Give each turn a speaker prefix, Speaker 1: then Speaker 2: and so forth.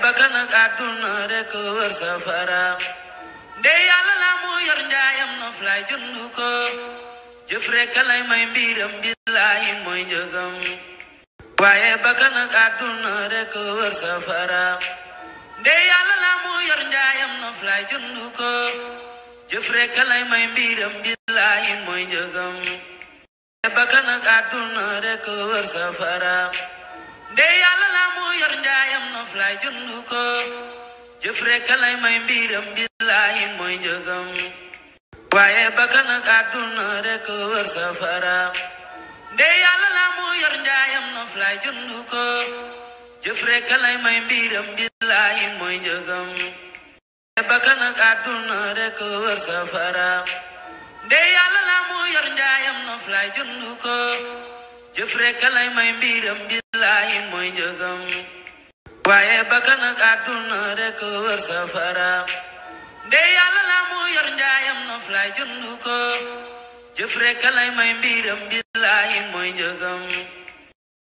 Speaker 1: bakkan ak àdduna rekk wër safara de yàlla la mu yor njaayam nof lay jund ko jëf rekk lay may mbiram billaahi mooy njëgam waaye bakkan ak àdduna rekk wër safara de yàlla la mu yor njaayam nof lay jund ko jëf rekk lay may mbiram billaahi mooy njëgam bakkan ak àdduna rekk wër safara laay jëndu ko jëf rekk may mbiram billaahi rekk wër safara nde yàlla la mu yor njaayam noof lay may mbiram billaahi mooy jëf rekk lay may mbiram mooy njëgam waaye bakkan ak àdduna rekk wër safara nde yàlla la mu yor ko jëf rekk may mbiram billaahi mooy
Speaker 2: njëgam